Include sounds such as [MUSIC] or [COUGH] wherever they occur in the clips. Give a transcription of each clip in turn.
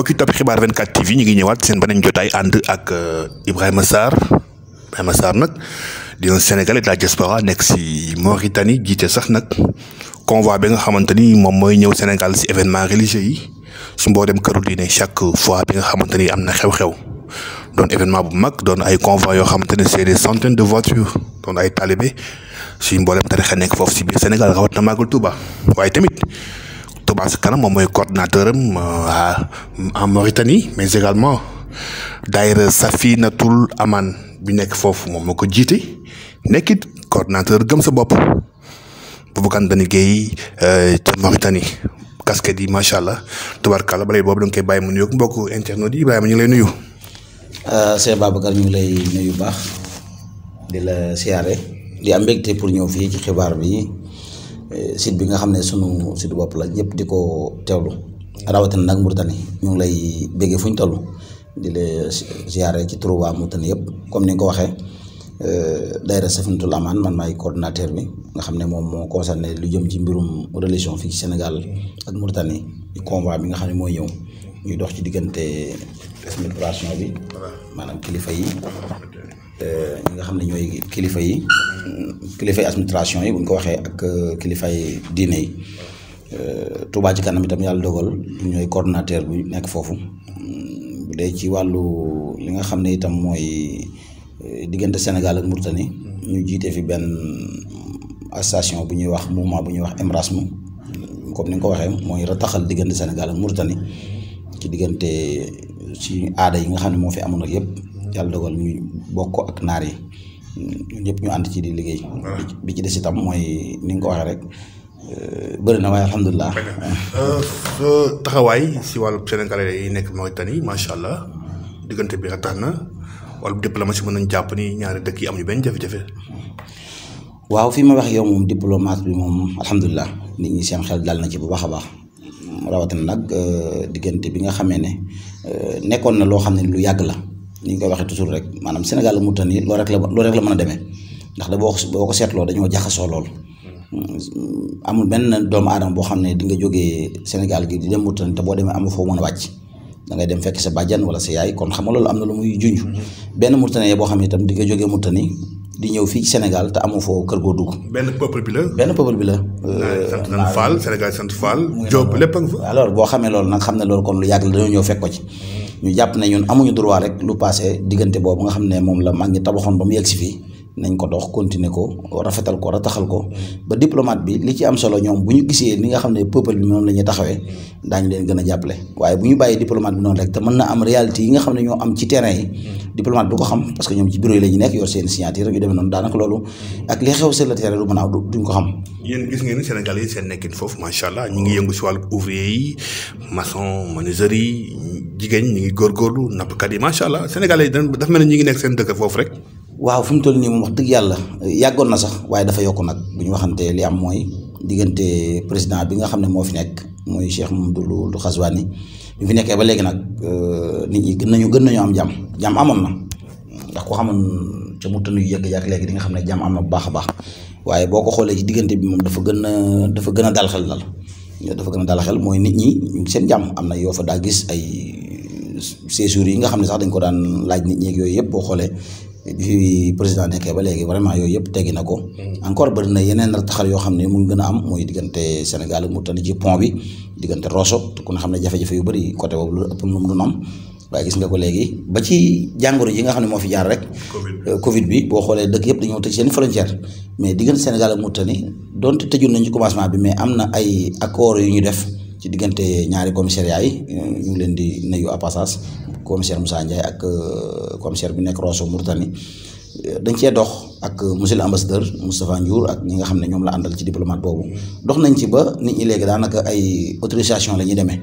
mbokki topp xibaar 24 TV ñu ngi ñëwaat seen beneen jotaay ànd ak euh, Ibrahima Sarr Ibrahima Sarr nag di un Sénégalais de la diaspora nekk si Mauritanie jiite sax nag convoi bi nga xamante ni moom mooy ñëw Sénégal si événement religieux yi su mboo dem këru diine chaque fois bi nga xamante ni am na xew-xew doon événement bu mag doon ay convoi yoo xamante ne c'est des centaines de voitures doon ay talibé suñu mboolem tarixa nekk foofu si biir Sénégal rawat na màggal Touba ca kanam moom mooy coordinateur am en euh, Mauritanie mais également na Safinatul Aman bi nekk foofu moom moo ko jiite nekkit coordinateur gëm sa bopp Bougane Dany Gueye euh, ca Mauritanie casquette yi macha allah tubarkalla ba léegi boobu da nga koy bàyyi mu nuyoog mbokk internet yi Ibrahima ñu lay nuyu. Euh, Cheikh Babacar ñu ngi lay nuyu baax di la siyaare di am mbégte pour ñëw fii ci xibaar bi. Eh, site bi nga xam ne suñu site bopp la ñëpp di ko teewlu rawatina nag Mauritanie ñu ngi lay béggee fu ñu toll di la ziare ci turu waa yëpp comme ni nga ko waxee eh, daayira Safinatul Amaan man maay coordonnateur bi nga xam ne moom moo concerné lu jëm ci mbirum relation fii ci Sénégal ak Mauritanie convoi bi nga xam ne mooy ñëw ñuy dox ci diggante administration bi maanaam kilifa yi. li euh, nga xam ne ñooy kilifa yi kilifay administration yi bu ñu ko waxee ak euh, kilifay diine yi euh, Touba ci kanam itam yàlla dogal ñooy coordonnateur bu nekk foofu bu mm, dee ci wàllu li nga xam ne itam mooy diggante Sénégal ak Mauritanie jiite fi benn association bu ñuy wax mouvement bu ñuy wax Emrasmu comme ni nga ko waxee mooy rataxal diggante Sénégal ak ci diggante ci aada yi nga xam ne moo fi amoon ak yëpp yàlla dogal ñu bokk ak naar yi ñëpp ñu ànd ci di liggéey. Ah. bi ci des itam mooy ni nga ko waxee rek. Euh, bëri na waaye alhamdulilah. Euh, euh, taxawaay si wàllu sénégalais yi nekk Mauritanie macha allah diggante bi tax na wàllu diplomatie mën nañu jàpp ni dëkk yi am ñu benn jafe-jafe. waaw fi ma wax yow moom diplomate bi moom alhamdulilah nit ñi seen xel dal na ci bu baax a baax rawatina nag diggante bi nga xamee ne nekkoon na loo xam ne lu yàgg la. ni ñu koy waxee toujours rek maanaam Sénégal la Mauritanie loolu rek la loolu rek la mën a demee ndax da boo boo ko seetloo dañoo jaxasoo lool. Hmm. amul benn doomu aadama boo xam ne di nga jógee Sénégal gi di dem Mauritanie boo demee amu foo mën a wàcc. da ngay dem fekk sa bàjjan wala sa yaay kon xam nga loolu am na lu muy hmm. benn Mauritanien boo xam ne itam di nga jógee Mauritanie di ñëw fii ci Sénégal te foo kër goo dugg. benn peuple bi la. benn peuple bi la. Ah, euh, sant sant Fall. Diop lépp a alors boo xamee loolu nag xam ne loolu kon lu yàgg la dañoo ñëw fekk ko ci. Hmm. ñu jàpp ne ñun amuñu droit rek lu passé diggante boobu nga xam ne moom la mag ñi tabaxoon ba mu yegg si fii nañ ko dox continuer ko rafetal ko rataxal ko ba diplomate bi li ci am solo ñoom bu ñu gisee li nga xam ne peuple bi moom la ñuy taxawee daañu leen gën a jàppale waaye bu ñu bàyyi diplomate bi noonu rek te mën na am réalité yi nga xam ne ñoo am ci terrain yi diplomate du ko xam parce que ñoom ci ñu nekk yor seen signature yu demee loolu ak li xew sur le terrain du mën a duñ ko xam yéen gis ngeen ni Sénégal yi seen nekkin foofu macha allah ñu ngi yëngu si wàllu ouvrier yi maçon menuiserie jigéen ñi ngi góorgóorlu nappkat yi macha allah Sénégal yi dafa mel ne ñi ngi nekk seen foofu rek waaw fi mu toll nii moom wax dëgg yàlla yàggoon na sax waaye dafa yokk nag bu ñu waxante li am mooy diggante président bi nga xam ne moo fi nekk mooy Cheikh Mamadou Ghazouani bi fi nekkee ba léegi nag euh, nit ñi gën nañu gën nañu am jàmm jàmm amoon na ndax ko xamoon ca mu tënnu yëgg-yàgg léegi di nga xam ne jàmm am na bu baax a baax waaye boo ko xoolee ci diggante bi moom dafa gën a dafa gën a dal xel dafa gën a dalxel mooy nit ñi seen jàmm am na yoo fa daa gis ay séjours yi nga xam ne sax dañ ko daan laaj nit ñi yooyu yëpp boo xoolee bi fi président nekkee ba léegi vraiment yooyu yëpp teggi na ko. Mm-hmm. encore bëri na yeneen taxar yoo xam ne mu ngi gën a am muy diggante Sénégal ak Mauritanie ci pont bi diggante Rosso te ku ne xam ne jafe yu bëri côté boobu lu ëpp moom du am. waaye gis ko léegi ba ci jàngoro ji nga xam ne moo fi jaar rek. Euh, Covid bi boo xoolee dëkk yëpp dañoo tëj seen frontière mais diggante Sénégal ak Mauritanie donte tëjul nañu ci commencement bi mais am na ay accords yu ñu def. ci diggante ñaari commissariat yi ñu leen di nuyu à passage commissaire Moussa Ndiaye ak euh, commissaire bi nekk Rosso Mauritanie dañ cee dox ak monsieur le ambassadeur Moustapha Ndiour ak ñi nga xam ne ñoom la àndal ci diplomate boobu dox nañ ci ba nit ñi léegi daanaka ay autorisation la ñuy demee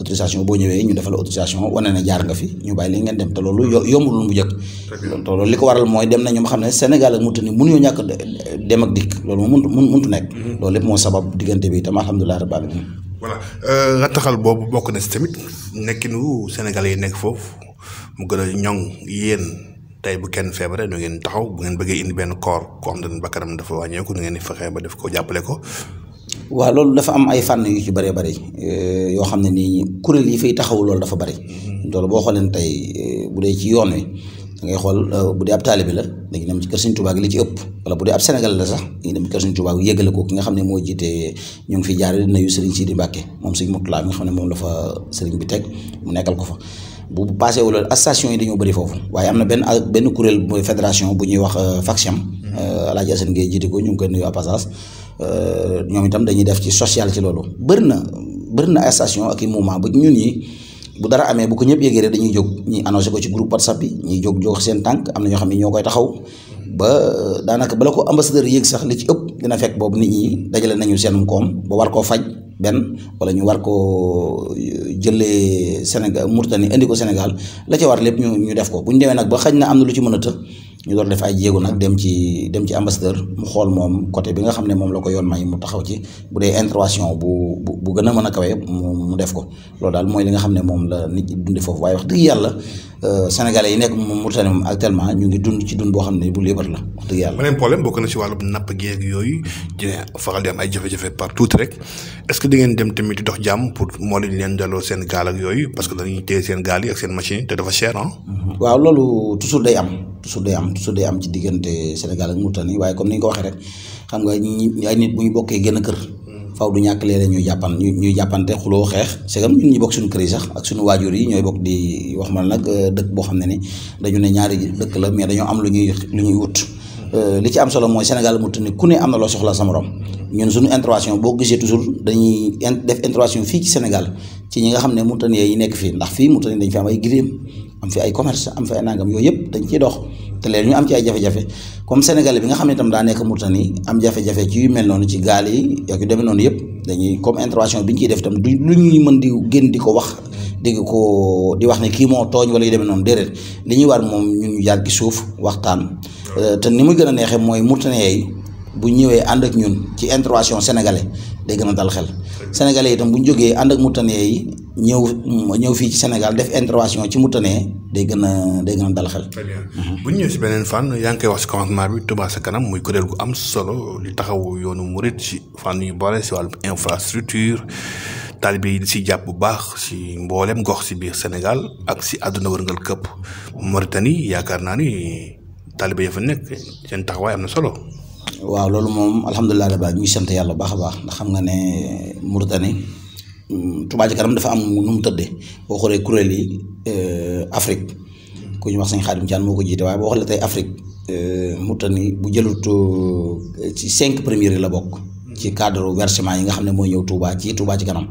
autorisation boo ñëwee ñu defal autorisation wane na jaar nga fi ñu bàyyi li ngeen dem te loolu yombul mu jëkk te loolu li ko waral mooy dem na ñoom xam ne Sénégal ak Mauritanie mënuñoo ñàkk dem ak dikk loolu moo muntu muntu nekk mm-hmm. loolu yëpp moo sabab diggante bi tam alhamdulilah rabbil alamin voilà euh, rataxal boobu bokk na si tamit nekkinu sénégal yi nekk foofu mu gën ñoŋ yéen tey bu kenn feebaree nu ngeen taxaw bu ngeen bëggee indi benn koor koo xam ne bakkanam dafa wàññeeku nu ngeen di fexee ba def ko jàppale ko. waaw loolu dafa am ay fànn yu ci bëree bëri euh, yoo xam ne nii kuréel yi fay taxaw loolu dafa bëri mm-hmm. loolu boo xoolee tey euh, bu dee ci yoon wi da xool euh, bu dee ab taalibe la léegi dem ci kër Sëriñ Tuubaa gi li ci ëpp wala bu dee ab Sénégal la sax dañuy dem ci kër Sëriñ ko ki nga xam ne moo jiite ñu ngi fi jaare di nuyu Sëriñ Sidi Mbàkke moom Sëriñ Murtala mi nga xam moom la fa sëriñ bi teg mu nekkal ko fa bu passé wala association yi dañoo bëri foofu waaye am na benn benn kuréel mooy fédération bu ñuy wax FACSIM Alaaji Asan Ngay jiite ko ñu ngi koy nuyu à passage euh, ñoom itam dañuy def ci social ci loolu bëri na bëri na association ak i moment ba ñun yi bu dara amee bu ko ñëpp yëgee rek dañuy jóg ñuy annoncé ko ci groupe whatsapp bi ñuy jóg jóg seen tànk am na ñoo xam ne ñoo koy taxaw ba euh, daanaka bala ko ambassadeur yéeg sax li ci ëpp dina fekk boobu nit ñi dajale nañu seenum koom ba war koo faj benn wala ñu war koo euh, jëlee Sénégal Mauritanie indi ko Sénégal la ca war lépp ñu ñu def ko bu ñu demee nag ba xañ na am na lu ci mën a të ñu doon def ay jéego nag dem ci dem ci ambassadeur mu xool moom côté bi nga xam ne moom la ko yoon may mu taxaw ci bu dee intervention bu gën a mën a kawe mu def ko loolu daal mooy li nga xam ne moom la nit ñi dundee foofu waaye wax yàlla euh, sénégalais yi nekk moom Mauritanie moom actuellement ñu ngi dund ci dund boo xam ne bu lébat la wax dëgg yàlla. beneen problème bokk na ci wàllu napp ay jafe-jafe partout rek est-ce di ngeen dem tamit di dox pour leen leen seen gaal yooyu parce que dañuy téye seen gaal yi ak seen machine te dafa cher ah. waaw day am. su dee am su dee am ci diggante Sénégal ak Mauritanie waaye comme ni nga ko waxee rek xam nga ñi ay nit bu ñu bokkee gën a kër. faaw du ñàkk léeg-léeg ñuy jàppan ñu ñuy jàppante xuloo xeex c'est comme ñun ñu bokk suñu kër yi sax ak suñu waajur yi ñooy bokk di wax ma nag euh, dëkk boo xam ne ni dañu ne ñaari dëkk la mais dañoo am lu ñuy lu ñuy wut. Euh, li ci am solo mooy Sénégal mu ku ne am na loo soxla sa morom ñun suñu intervention boo gisee toujours dañuy def intervention fii ci Sénégal ci ñi nga xam ne mu yi nekk fii ndax fii mu dañ fi am ay gileem am fi ay commerce am fi ay yooyu yëpp dañ ciy dox te ñu am ci ay jafe-jafe Sénégal bi nga xam ne itam daa nekk Mauritanie am jafe mel noonu ci gaal yi ak yu noonu yëpp dañuy comme intervention bi ñu ciy def itam du lu ñuy mën di génn di ko wax di ko di wax ne kii moo tooñ wala yu deme noonu déedéet li ñuy war moom ñu jaar ci suuf waxtaan Euh, te ni mu gën a neexee mooy Mauritaniens bu ñëwee ànd ak ñun ci intervention sénégalais day gën a dal xel. sénégalais itam bu ñu jógee ànd ak Mauritaniens ñëw ñëw fii ci Sénégal def intervention ci Mauritaniens day gën a day gën a dal xel. Mhm. bu ñu ñëwee si beneen fànn yaa ngi koy wax si commencement bi Touba sa kanam muy kuréel gu am solo li taxaw yoonu murit si fànn yu bare si wàllu infrastructure. taalibe yi di si jàpp bu baax si mbooleem gox si biir Sénégal ak si àdduna wërngal këpp Mauritanie yaakaar naa ni taaliba ya fa nekk tax taxawaay am na solo. waaw loolu moom alhamdulilah rabbi ñu ngi sant yàlla baax a baax ndax xam nga ne Mauritanie mm, Touba Ca Kanam dafa am nu mu tëddee boo xoolee kuréel yi euh, Afrique ku ñu wax sëñ Xaadim Jaan moo ko jiite waaye boo xoolee tey Afrique euh, Mauritanie bu jëlut euh, ci cinq premiers la bokk. ci cadre versement yi nga xam ne mooy ñëw Touba ci Touba Ca Kanam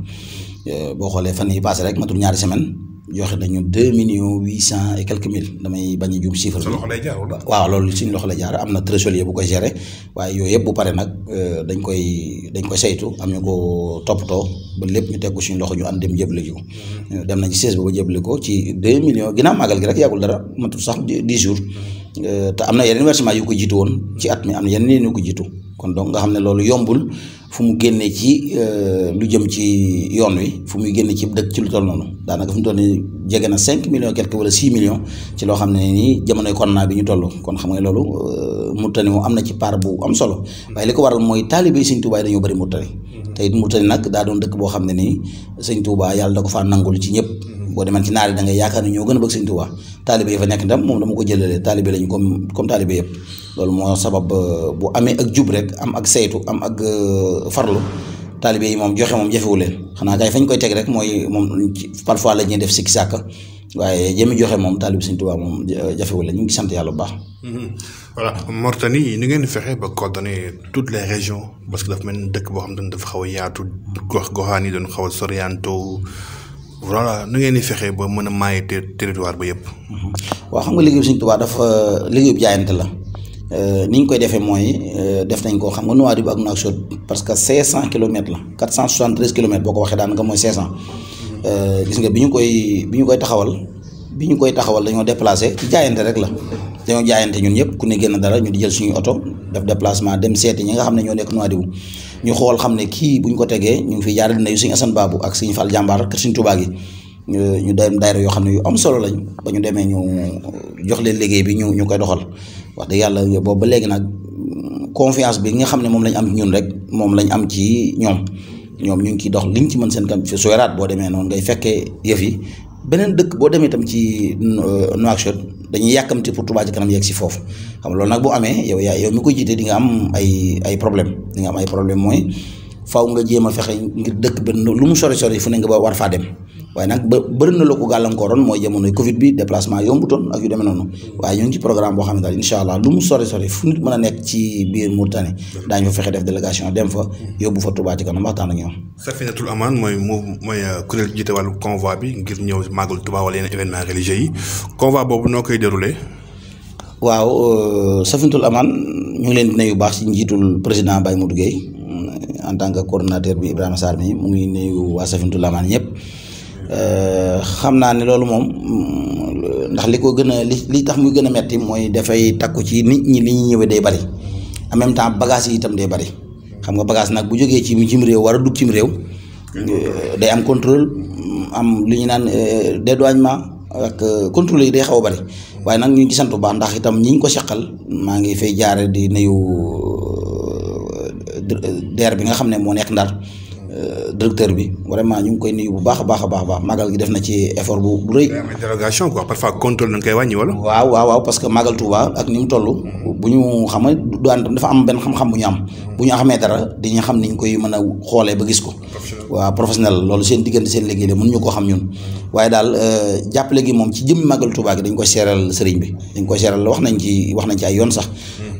boo xoolee fan yi passé rek matul ñaari semaine. joxe nañu deux millions huit cent et quelques mille damay bañ a jum chiffre bi waaw loolu suñu loxo la jaar am na trésorier bu ko gérer waaye yooyu yëpp bu pare nag euh, dañ koy dañ koy saytu am na ko toppatoo ba lépp ñu teg suñu loxo ñu ànd dem jëble ji mm-hmm. dem nañ ci seize ba ba jëble ko ci deux millions ginnaaw màggal gi rek yàggul dara matul sax di jours mm-hmm. euh, te am na yeneen versement yu ko jiitu woon ci at mi am na yeneen yu ko jiitu kon donc nga xam ne loolu yombul fu mu génnee ci euh, lu jëm ci yoon wi fu muy génne ci dëkk ci lu toll noonu daanaka fu mu toll jege na cinq millions quelque wala six million ci loo xam ne nii jamonoy corona bi ñu toll kon xam nga loolu euh, Mauritanie moom am na ci part bu am solo waaye li ko waral mooy taalibe Sëñ Tuubaa yi dañoo bëri Mauritanie mm-hmm. te it Mauritanie daa doon dëkk boo xam ne nii Sëñ Tuubaa yàlla da ko faa nangul ci ñëpp boo demee ci naar yi da ngay yaakaar ne ñoo gën a bëgg Sëñ Tuubaa taalibe fa nekk ndam moom dama ko jëlalee taalibe lañu comme comme yëpp loolu moo sabab euh, bu amee ak jub rek am ak saytu am ak euh, farlu taalibe yi moom joxe moom jafewu leen xanaa kay fañ koy teg rek mooy moom parfois la ñuy def sikki sàkk waaye jëmi joxe moom taalibe Sëñ Tuubaa moom jafewu leen ñu ngi sant yàlla bu baax. Mm-hmm. voilà Mauritanie ni ngeen fexe ba coordonner toutes les régions parce que dafa mel ni dëkk boo xam ne dafa xaw a yaatu gox goxaan yi doon xaw a sorianto voilà nu ngeen fexe fexee ba mën a maaye territoire ba yëpp. Mm-hmm. waaw xam nga liggéey bi Sëñ Tuubaa dafa liggéey bu jaayante la euh, ni ñu koy defee mooy euh, def nañ ko xam nga Nouadhibou ak Nouakchott parce que 500 kilomètres la 473 kilomètres boo ko waxee daanaka mooy 500. Euh, gis nga bi ñu koy bi ñu koy taxawal bi ñu koy taxawal dañoo déplacé ci jaayante rek la dañoo jaayante ñun ñëpp ku ne gën a dara ñu di jël suñuy oto def déplacement dem seeti ñi nga xam ne ñoo nekk Nouadhibou. ñu xool xam ne kii buñ ko tegee ñu ngi fi jaarale dina yu suñu Assane Babou ak suñu fa jàmbaar kër suñu Touba gi ñu dem daayira yoo xam ne yu am solo lañ ba ñu demee ñu jox leen liggéey bi ñu ñu koy doxal wax dëgg yàlla boobu ba léegi nag confiance bi nga xam ne moom lañ am ñun rek moom lañ am ci ñoom ñoom ñu ngi ciy dox liñ ci mën seen kam sooy raat boo demee noonu ngay fekkee yëf yi beneen dëkk boo demee itam ci euh, Nouakchott dañuy yàkkamti pour Touba Ca Kanam yegg si foofu xam loolu nag bu amee yow yaa yow mi ko jiite di am ay ay problème di am ay problème mooy faaw nga jéem a fexe ngir dëkk benn lu mu sore sori fu ne nga ba war faa dem waaye nag ba bërina la ko gàllankooroon mooy jamonoy Covid bi déplacement yombutoon ak yu demee noonu waaye ñu ngi ci programme boo xam ne daal incha allah lu mu sori sori fu nit mën a nekk ci biir Mauritanie daañu fa fexe def délégation dem fa yóbbu fa Touba ci kanam waxtaan ak ñoom. Safinatul Aman mooy moom mooy euh, kuréel jiite wàllu convoi bi ngir ñëw màggal Touba wala yeneen événement religieux yi convoi boobu noo koy déroulé. waaw euh, Safinatul Aman ñu ngi leen di nuyu baax ci njiitul président Baye Modou Gueye en tant que coordonnateur bi Ibrahima Sarr mi mu ngi nuyu waa Safinatul Aman ñëpp xam naa ne loolu moom ndax li ko gën a li li tax muy gën a metti mooy dafay takku ci nit ñi li ñu ñëwee de bari en même temps bagage yi itam day bari xam nga bagage nag bu jógee ci mu cim réew war a dugg cim réew. day am contrôle am lu ñu naan euh, dédouanement ak euh, contrôle yi day xaw a bari waaye nag ñu ngi sant baax ndax itam ñi ñu ko seqal maa ngi fay jaare di nuyu euh, DER bi nga xam ne moo nekk Ndar. Euh, directeur bi vraiment ñu ngi koy nuyu bu baax a baax a baax magal gi def na ci effort bu bu rëy. dérogation quoi parfois contrôle dañ koy wàññi wala. waaw waaw waaw parce magal Touba ak ni mu toll. Mm-hmm. bu ñu xam du daan dafa am benn xam-xam bu ñu am. Mm-hmm. bu ñu xamee dara dañuy xam ni ñu koy mën a xoolee ba gis ko. waaw professionnel loolu seen diggante seen liggéey la mënuñu koo xam ñun. Mm-hmm. waaye daal euh, jàppale gi moom ci jëm magal Touba gi dañ koy seeral sëriñ bi dañ koy seeral wax nañ ci wax nañ ci ay yoon sax.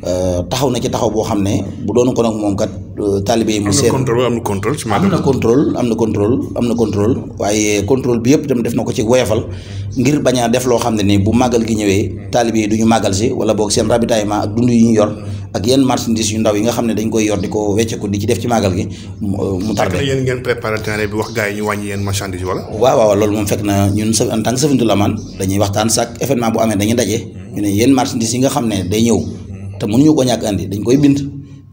Euh, taxaw na ci taxaw boo xam ne bu doonu ko nag moom kat euh, taalibe yi mu seen am na contrôle am na contrôle na contrôle am na contrôle waaye contrôle bi yëpp itam def na ko ci woyofal ngir bañ a def loo xam ne ni bu màggal gi ñëwee taalibe yi du ñu màggal si wala boo seen ravitaillement ak dund yi ñu yor ak yenn marchandises yu ndaw yi nga xam ne dañ koy yor di ko wecceeku di ci def ci màggal gi mu euh, tardé yéen ngeen préparé terrain bi wax gars yi ñu wàññi yenn marchandise wala waaw waaw loolu moom bu amee dañuy daje hmm. ñu ne yenn marchandise yi nga xam ne day ñëw te mënuñu ko ñàkk andi dañ koy bind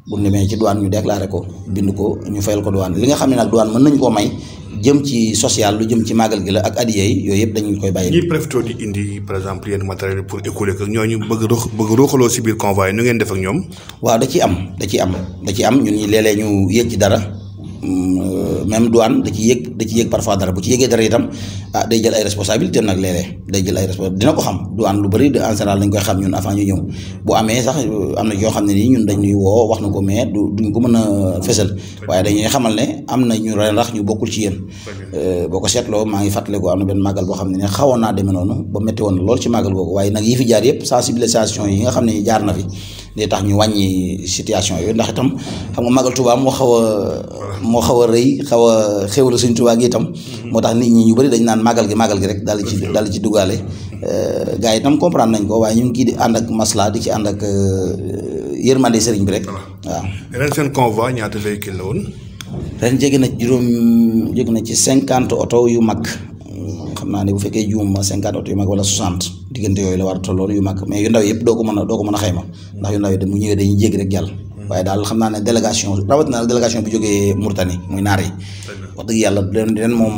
bu demee ci douane ñu déclaré ko bind ko ñu fayal ko douane li nga xam ne nag douane mën nañ koo may jëm ci social lu jëm ci màggal gi la ak adiya yi yooyu yëpp dañu koy bàyyi. ñiy préfetoo di indi par exemple yenn matériel pour écouler ko ñooñu bëgg rox bëgg roxaloo si biir convoi nu ngeen def ñoom. waaw da ciy am da ciy am da ciy am ñun ñi léeg-léeg ñu yëg ci dara. même douane da ci yëg da ci yëg parfois dara bu ci yëgee dara itam ah day jël ay responsabilité nag léeg-léeg day jël ay responsabilité dina ko xam douane lu bëri en général dañ koy xam ñun avant ñu ñëw bu amee sax euh, na yoo xam ne nii ñun dañ dañuy woo wax na ko mais du duñ ko mën a fësal waaye dañuy xamal ne am na ñu ren rax ñu bokkul ci yéen euh, boo ko seetloo maa ngi fàttaliku am na benn màggal boo xam ne ne xawoon naa demee noonu ba métti woon lool ci màggal googu waaye nag yi fi jaar yëpp sensibilisation yi nga xam ne jaar na fi day tax ñu wàññi situation yooyu ndax itam xam nga magal Touba moo xaw a moo xaw a rëy xaw a xéwlu suñ Touba gi itam moo tax nit ñi ñu bëri dañ naan magal gi magal gi rek daal ci daal ci dugaale euh, gars yi itam comprendre nañ ko waaye ñu ngi kii di ànd ak masla di ci ànd ak euh, yërmande sëriñ bi rek waaw ren seen convoi ñaata véhicule la woon ren jege na juróom jege na ci cinquante oto yu mag xam naa bu fekkee juum ma cinquante oto yu mag wala soixante diggante yooyu la war a tolloon yu mag mais yu ndaw yëpp doo ko mën a doo ko a xayma ndax yu ndaw yi mu ñëwee dañuy jéggi rek muy naar yi wax dëgg yàlla leen leen moom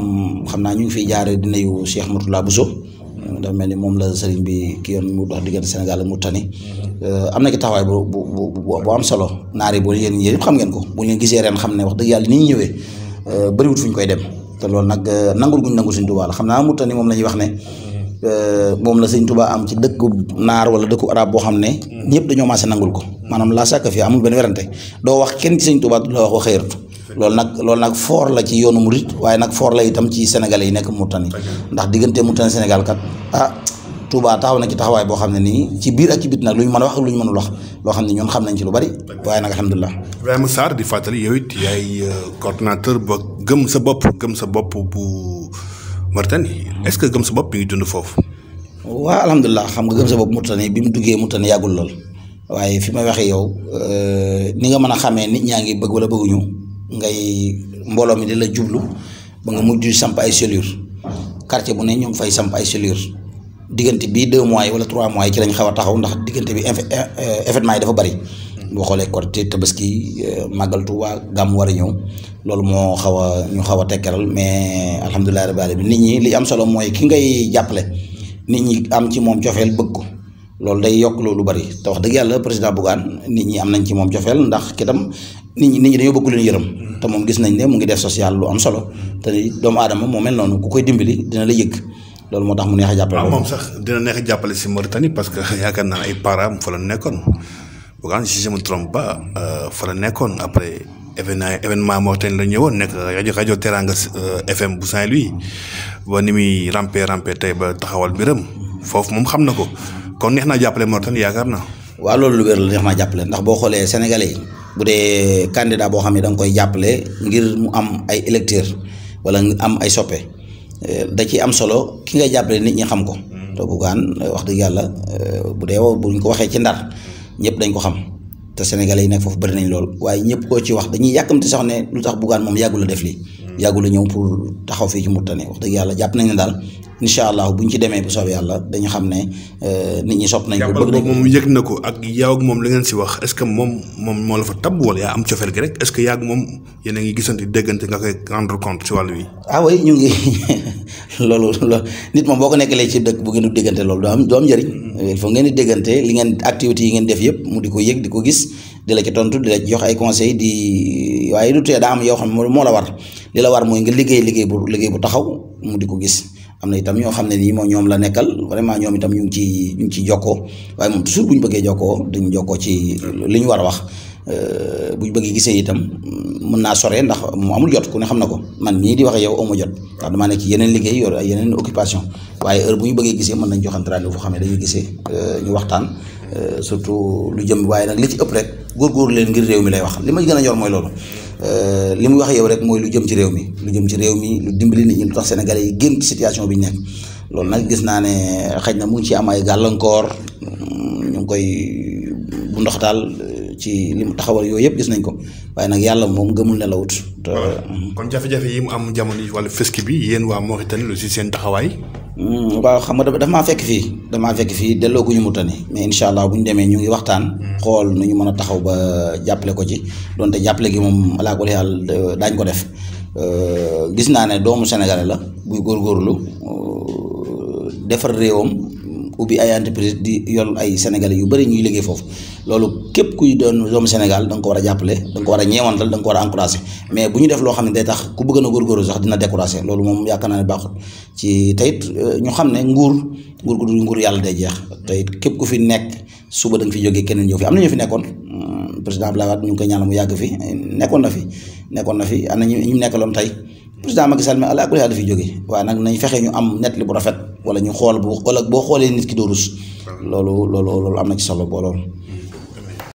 xam naa ñu ngi fiy jaare di nuyu Cheikh Mourtala Bousso dafa mel ni moom la sëriñ bi ki yoon mu dox diggante Sénégal ak Mourtani euh, am na ci taxawaay bu bu bu am solo naar yi boo yéen yëpp xam ngeen ko bu ñu gisee ren xam ne wax dëgg yàlla ni ñu ñëwee euh, bëriwut fu ñu koy dem te loolu nag euh, nangul guñ nangu Sëñ Tuubaa la xam naa mu moom la ñuy wax ne euh, moom la Sëñ tubaa am ci dëkku naar wala dëkku arab boo xam ne mm. ñëpp dañoo maase nangul ko maanaam laa sàkk fii amul benn werante doo wax kenn ci Sëñ Tuubaa du la wax wa xëyratu loolu nag loolu nag foor la ci yoonu murit waaye nag foor la itam ci sénégalais yi nekk Mauritanie ndax diggante Mauritanie Sénégal kat ah, Touba taxaw na ci taxawaay boo xam ne nii ci biir ak ci bit nag lu ñu mën a wax lu ñu mënul wax loo xam ne ñun xam nañ ci lu bari waaye nag alhamdulilah. Ibrahima Sarr di fàttali yow it yaay euh, coordonnateur ba gëm sa bopp gëm sa bopp bu Mauritanie est-ce que gëm sa bopp mi ngi dund foofu. waaw alhamdulilah xam nga gëm sa bopp Mauritanie bi mu duggee Mauritanie yàggul lool waaye fi may waxee yow euh, ni nga mën a xamee nit ñaa ngi bëgg wala bëgguñu ngay mbooloo mi di la jublu ba nga mujj samp ay cellule quartier bu ne ñu fay samp ay cellule diggante bi deux mois yi wala trois mois ci lañ xaw a taxaw ndax diggante bi euh, événement yi dafa bari hmm. boo xoolee Korité Tabaski euh, Màggal Tuuba gàmm war a ñëw loolu moo xaw a ñu xaw a tekkeral mais alhamdulilah rabbil bi nit ñi li am solo mooy ki ngay jàppale nit ñi am ci moom cofeel bëgg ko loolu day yokk loolu lu bari te wax dëgg yàlla président Bougane nit ñi am nañ ci moom cofeel ndax kitam nit ñi nit ñi dañoo bëgg leen yërëm hmm. te moom gis nañ ne mu ngi def social lu solo hmm. te doomu aadama moo mel noonu ku koy dimbali dina la yëg. loolu moo tax mu neex a jàppale. moom sax dina neex a jàppale si Mauritanie parce que [LAUGHS] yaakaar naa ay parents am la nekkoon bu gaan si je me trompe pas euh, fa la nekkoon après événement moo Mauritanie la ñëwoon nekk rajo rajo Teranga euh, FM bu Saint-Louis ba ni muy rampe rampe tey ba taxawal mbiram foofu moom xam na ko kon neex naa jàppale Mauritanie yaakaar naa. waaw loolu lu neex naa jàppale ndax boo xoolee sénégalais yi bu dee candidat boo xam ne da nga koy jàppale ngir mu am ay électeurs wala am ay soppe. Euh, da ciy am solo ki ngay jàppale nit ñi xam ko. Mm. te Bougane euh, wax dëgg yàlla euh, bu dee woo buñ ko waxee ci ndar mm. ñëpp dañ ko xam te sénégalais yi nekk foofu bëri nañ lool waaye ñëpp koo ci wax dañuy yàkkamti sax ne lu tax Bougane moom yàggul la def lii. Mm. yàggul a ñëw pour taxaw fii ci Mourtani wax dëgg yàlla jàpp nañ ne daal incha allah buñ ci demee bu soobee yàlla dañu xam ne euh, nit ñi sopp nañ ko. bëgg moom yëg na ko ak yow ak moom wax que moom moo la fa tabb wala yaa am cofeel gi rek est-ce que yaa ak moom ah [LAUGHS] boo ko nekkalee ci dëkk bu ngeen di déggante loolu doo am mm-hmm. li ngeen activité yi ngeen def yëpp mu di ko yëg di ko gis di la ci tontu di la jox ay conseil di waaye du te daa am yoo xam ne moo la war li la war mooy nga liggéey liggéey bu liggéey bu taxaw mu di ko gis am na itam ñoo xam ne nii moom ñoom la nekkal vraiment ñoom itam ñu ngi ñu ngi ciy jokkoo waaye moom toujours bu ñu bëggee jokkoo dañu jokkoo li ñu war a wax euh, bu ñu bëggee gisee itam mën naa sore ndax mu amul jot ku ne xam na ko man mii di wax yow amu jot ndax damaa nekk ci yeneen liggéey yor ay yeneen occupation waaye heure bu ñu bëggee gisee mën nañ joxante rendez-vous foo xam ne dañuy gisee euh, ñu waxtaan Euh, surtout lu jëm waaye nag li ci ëpp rek góorgóorlu leen ngir réew mi lay wax li ma gën a ñor mooy loolu euh, li muy wax yow rek mooy lu jëm ci réew mi lu jëm ci réew mi lu dimbali nit ñi lu tax sénégalais yi génn situation bi ñu nekk loolu nag gis naa ne xëy na mu ngi ci am ay gàllankoor ñu ngi koy bu ndox daal ci li mu taxawal yooyu yëpp gis nañ ko waaye nag yàlla moom gëmul ne la wut. kon jafe-jafe yi mu am jamono yi wala fëski bi yéen waa Mauritanie lu si seen taxawaay. Hmm, waaw xam nga dafa maa fekk fii damaa fekk fii delloo gu ñu mu tane mais incha allah bu ñu demee ñu ngi waxtaan. Hmm. xool nu ñu mën a taxaw ba jàppale ko ci donte jàppale gi moom alaa kulli haal euh, daañ ko def euh, gis naa ne doomu Sénégalais la buy góorgóorlu euh, defar réewam. ubbi ay entreprise di yor ay sénégalais yu bëri ñuy liggéey foofu loolu képp kuy doon doomu Sénégal da nga ko war a jàppale da ko war a ñeewantal da ko war a encouragé mais bu ñu def loo xam ne day tax ku bëgg na góorgóorlu sax dina découragé loolu moom yaakaar naa ne baaxul ci teyit euh, ñu xam ne nguur nguur gu nguur yàlla day jeex teyit képp ku fi nekk suba da fi jógee keneen ñëw fi am na ñu fi nekkoon hmm, président Abdoulaye Wade ñu ngi koy ñaanal mu yàgg na fi nekkoon na fi am na président Macky Sall mi allah kulli dafiy jógee waaye nag nañ fexe ñu am net bu rafet wala ñu xool bu wala boo xoolee nit ki doo rus loolu loolu loolu am na ci solo boo loolu